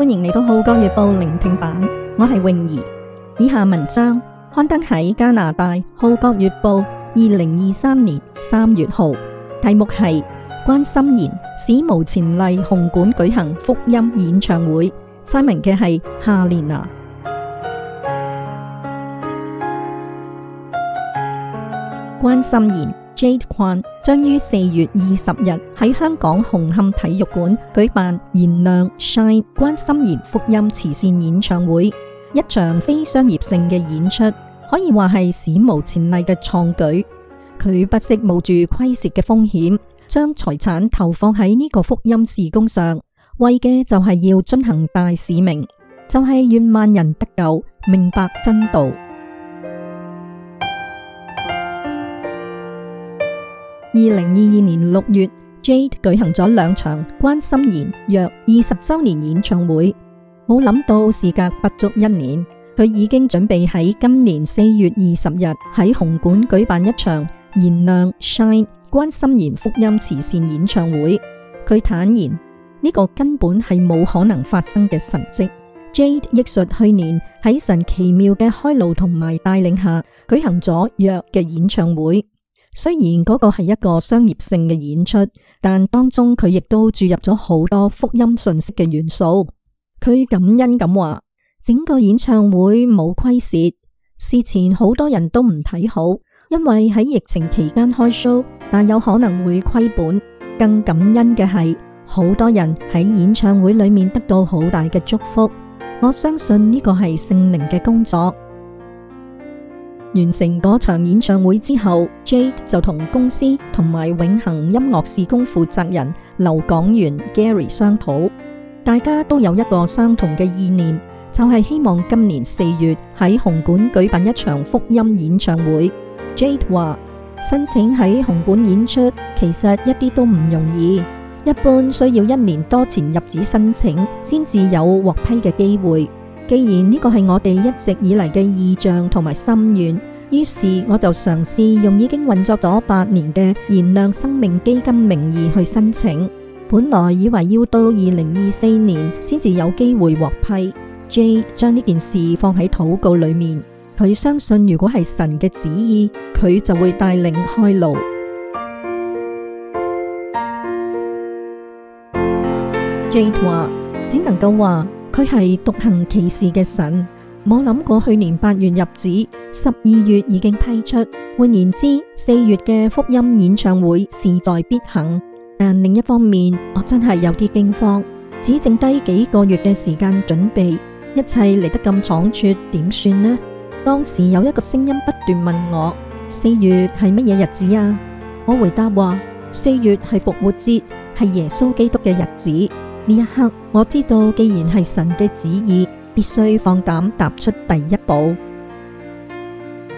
歡迎嚟到《號角月報》聆聽版，我係泳儀。以下文章刊登喺加拿大《號角月報》二零二三年三月號，題目係：關心妍史無前例紅館舉行福音演唱會。聲明嘅係夏蓮啊。關心妍。Jade Kwan 將於四月二十日喺香港紅磡體育館舉辦妍亮 Shine 關心妍福音慈善演唱會，一場非商業性嘅演出，可以話係史無前例嘅創舉。佢不惜冒住虧蝕嘅風險，將財產投放喺呢個福音事工上，為嘅就係要進行大使命，就係願萬人得救，明白真道。二零二二年六月，Jade 舉行咗兩場關心妍約二十週年演唱會，冇諗到事隔不足一年，佢已經準備喺今年四月二十日喺紅館舉辦一場妍亮 Shine 關心妍福音慈善演唱會。佢坦言呢個根本係冇可能發生嘅神蹟。Jade 憶述去年喺神奇妙嘅開路同埋帶領下舉行咗約嘅演唱會。雖然嗰個係一個商業性嘅演出，但當中佢亦都注入咗好多福音信息嘅元素。佢感恩咁話，整個演唱會冇虧蝕。事前好多人都唔睇好，因為喺疫情期間開 show，但有可能會虧本。更感恩嘅係，好多人喺演唱會裏面得到好大嘅祝福。我相信呢個係聖靈嘅工作。完成嗰場演唱會之後，Jade 就同公司同埋永恆音樂事工負責人劉港源 Gary 商討，大家都有一個相同嘅意念，就係希望今年四月喺紅館舉辦一場福音演唱會。Jade 話：申請喺紅館演出其實一啲都唔容易，一般需要一年多前入紙申請先至有獲批嘅機會。既然呢個係我哋一直以嚟嘅意象同埋心願，於是我就嘗試用已經運作咗八年嘅燃亮生命基金名義去申請。本來以為要到二零二四年先至有機會獲批。Jade 將呢件事放喺禱告裏面，佢相信如果係神嘅旨意，佢就會帶領開路。Jade 話只能夠話。佢係獨行奇事嘅神，冇諗過去年八月入紙，十二月已經批出。換言之，四月嘅福音演唱會勢在必行。但另一方面，我真係有啲驚慌，只剩低幾個月嘅時間準備，一切嚟得咁倉促，點算呢？當時有一個聲音不斷問我，四月係乜嘢日子啊？我回答話，四月係復活節，係耶穌基督嘅日子。呢一刻，我知道既然係神嘅旨意，必須放膽踏出第一步。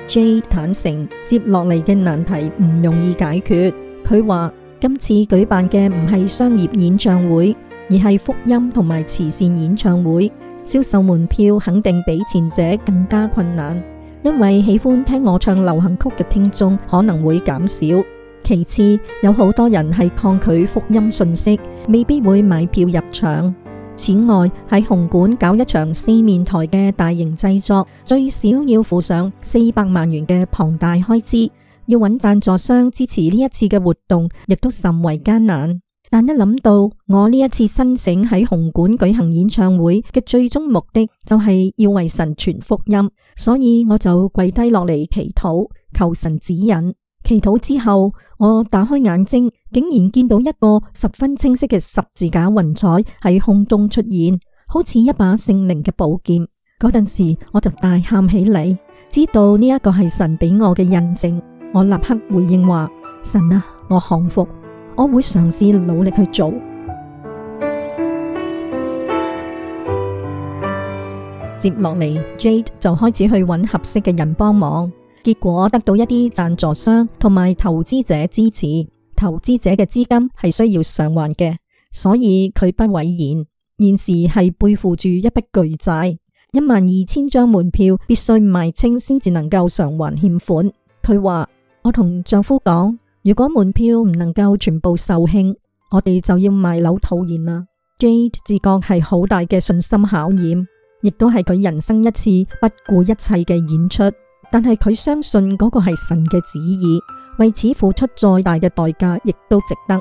J 坦承，接落嚟嘅難題唔容易解決，佢話今次舉辦嘅唔係商業演唱會，而係福音同埋慈善演唱會，銷售門票肯定比前者更加困難，因為喜歡聽我唱流行曲嘅聽眾可能會減少。其次，有好多人係抗拒福音信息，未必會買票入場。此外，喺紅館搞一場四面台嘅大型製作，最少要付上四百萬元嘅龐大開支，要搵贊助商支持呢一次嘅活動，亦都甚為艱難。但一諗到我呢一次申請喺紅館舉行演唱會嘅最終目的，就係要為神傳福音，所以我就跪低落嚟祈禱，求神指引。祈禱之後，我打開眼睛，竟然見到一個十分清晰嘅十字架雲彩喺空中出現，好似一把聖靈嘅寶劍。嗰陣時我就大喊起嚟，知道呢一個係神畀我嘅印證。我立刻回應話：神啊，我降服，我會嘗試努力去做。接落嚟，Jade 就開始去揾合適嘅人幫忙。結果得到一啲讚助商同埋投資者支持，投資者嘅資金係需要償還嘅，所以佢不諱言，現時係背負住一筆巨債，一萬二千張門票必須賣清先至能夠償還欠款。佢話：我同丈夫講，如果門票唔能夠全部售罄，我哋就要賣樓套現啦。Jade 自覺係好大嘅信心考驗，亦都係佢人生一次不顧一切嘅演出。但係佢相信嗰個係神嘅旨意，為此付出再大嘅代價亦都值得。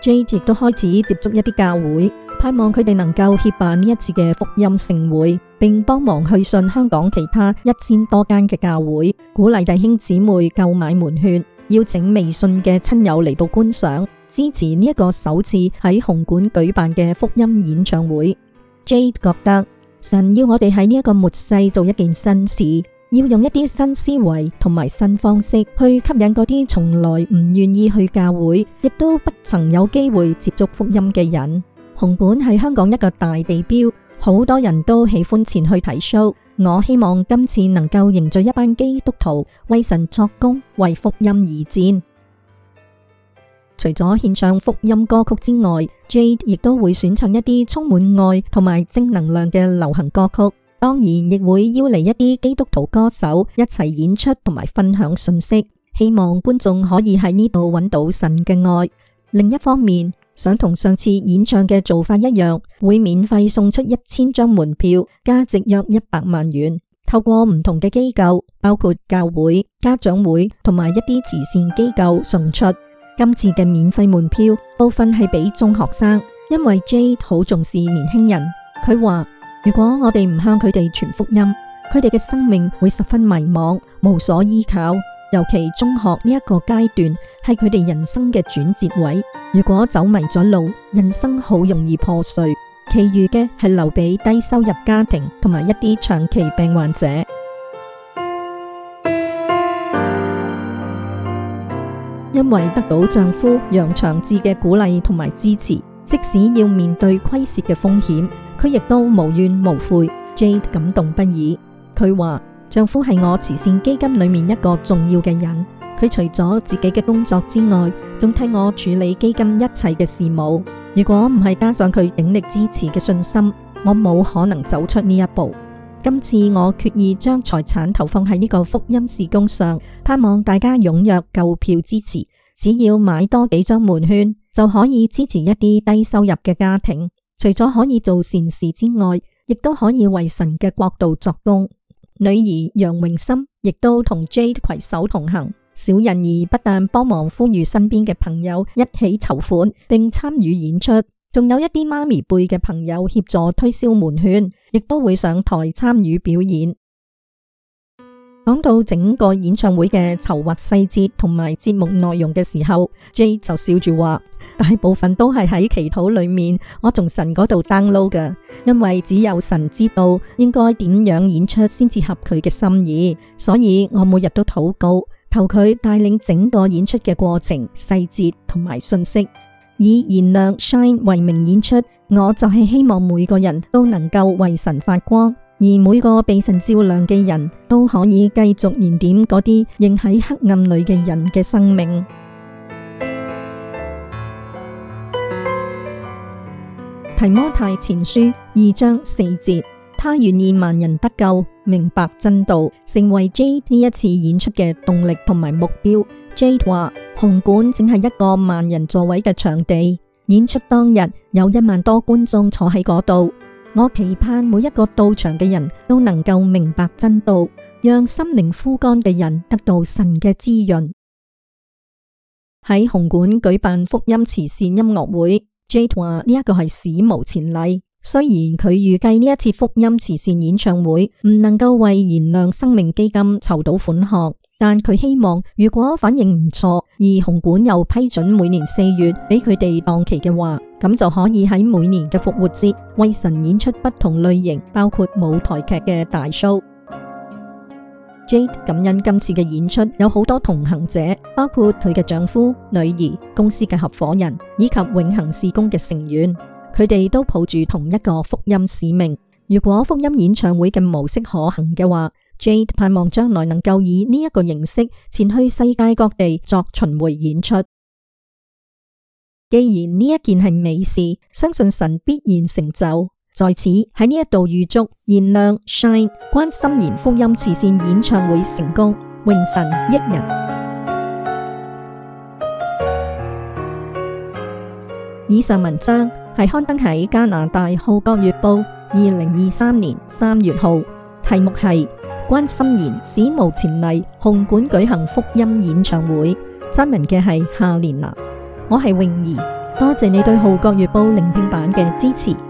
Jade 亦都開始接觸一啲教會，盼望佢哋能夠協辦呢一次嘅福音盛會，並幫忙去信香港其他一千多間嘅教會，鼓勵弟兄姊妹購買門券，邀請未信嘅親友嚟到觀賞支持呢一個首次喺紅館舉辦嘅福音演唱會。Jade 覺得。神要我哋喺呢一個末世做一件新事，要用一啲新思維同埋新方式去吸引嗰啲從來唔願意去教會，亦都不曾有機會接觸福音嘅人。紅館係香港一個大地標，好多人都喜歡前去睇 show。我希望今次能夠凝聚一班基督徒，為神作工，為福音而戰。除咗獻唱福音歌曲之外，Jade 亦都會選唱一啲充滿愛同埋正能量嘅流行歌曲。當然，亦會邀嚟一啲基督徒歌手一齊演出同埋分享信息，希望觀眾可以喺呢度揾到神嘅愛。另一方面，想同上次演唱嘅做法一樣，會免費送出一千張門票，價值約一百萬元，透過唔同嘅機構，包括教會、家長會同埋一啲慈善機構送出。今次嘅免費門票部分係俾中學生，因為 Jade 好重視年輕人。佢話如果我哋唔向佢哋傳福音，佢哋嘅生命會十分迷茫，無所依靠。尤其中學呢一個階段係佢哋人生嘅轉折位，如果走迷咗路，人生好容易破碎。其餘嘅係留俾低收入家庭同埋一啲長期病患者。因為得到丈夫楊長志嘅鼓勵同埋支持，即使要面對虧蝕嘅風險，佢亦都無怨無悔。Jade 感動不已，佢話丈夫係我慈善基金裏面一個重要嘅人，佢除咗自己嘅工作之外，仲替我處理基金一切嘅事務。如果唔係加上佢鼎力支持嘅信心，我冇可能走出呢一步。今次我決意將財產投放喺呢個福音事工上，盼望大家踴躍購票支持。只要買多幾張門券，就可以支持一啲低收入嘅家庭。除咗可以做善事之外，亦都可以為神嘅國度作工。女兒楊穎心亦都同 Jade 攜手同行。小人兒不但幫忙呼籲身邊嘅朋友一起籌款，並參與演出，仲有一啲媽咪輩嘅朋友協助推銷門券。亦都會上台參與表演。講到整個演唱會嘅籌劃細節同埋節目內容嘅時候，Jade 就笑住話：大部分都係喺祈禱裏面，我從神嗰度 download 噶，因為只有神知道應該點樣演出先至合佢嘅心意，所以我每日都禱告，求佢帶領整個演出嘅過程細節同埋信息。以燃亮 shine 為名演出，我就係希望每個人都能夠為神發光，而每個被神照亮嘅人都可以繼續燃點嗰啲仍喺黑暗裏嘅人嘅生命。提摩太前書二章四節，他願意萬人得救，明白真道，成為 J 呢一次演出嘅動力同埋目標。Jade 話：紅館正係一個萬人座位嘅場地，演出當日有一萬多觀眾坐喺嗰度。我期盼每一個到場嘅人都能夠明白真道，讓心靈枯乾嘅人得到神嘅滋潤。喺紅館舉辦福音慈善音樂會，Jade 話呢一個係史無前例。雖然佢預計呢一次福音慈善演唱會唔能夠為燃亮生命基金籌到款項。但佢希望，如果反應唔錯，而紅館又批准每年四月俾佢哋檔期嘅話，咁就可以喺每年嘅復活節為神演出不同類型，包括舞台劇嘅大 show。Jade 感恩今次嘅演出有好多同行者，包括佢嘅丈夫、女兒、公司嘅合伙人以及永恆事工嘅成員，佢哋都抱住同一個福音使命。如果福音演唱會嘅模式可行嘅話。Jade 盼望將來能夠以呢一個形式前去世界各地作巡迴演出。既然呢一件係美事，相信神必然成就。在此喺呢一度預祝妍亮 Shine 關心妍福音慈善演唱會成功，榮神益人。以上文章係刊登喺加拿大《號角月報》二零二三年三月號，題目係。關心妍史無前例，紅館舉行福音演唱會。真聞嘅係夏蓮娜，我係泳兒，多謝你對《號角月報》聆聽版嘅支持。